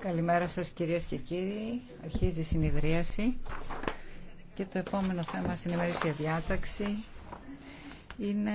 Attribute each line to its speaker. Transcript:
Speaker 1: Καλημέρα σας κυρίες και κύριοι. Αρχίζει η συνεδρίαση. Και το επόμενο θέμα στην ημερήσια διάταξη είναι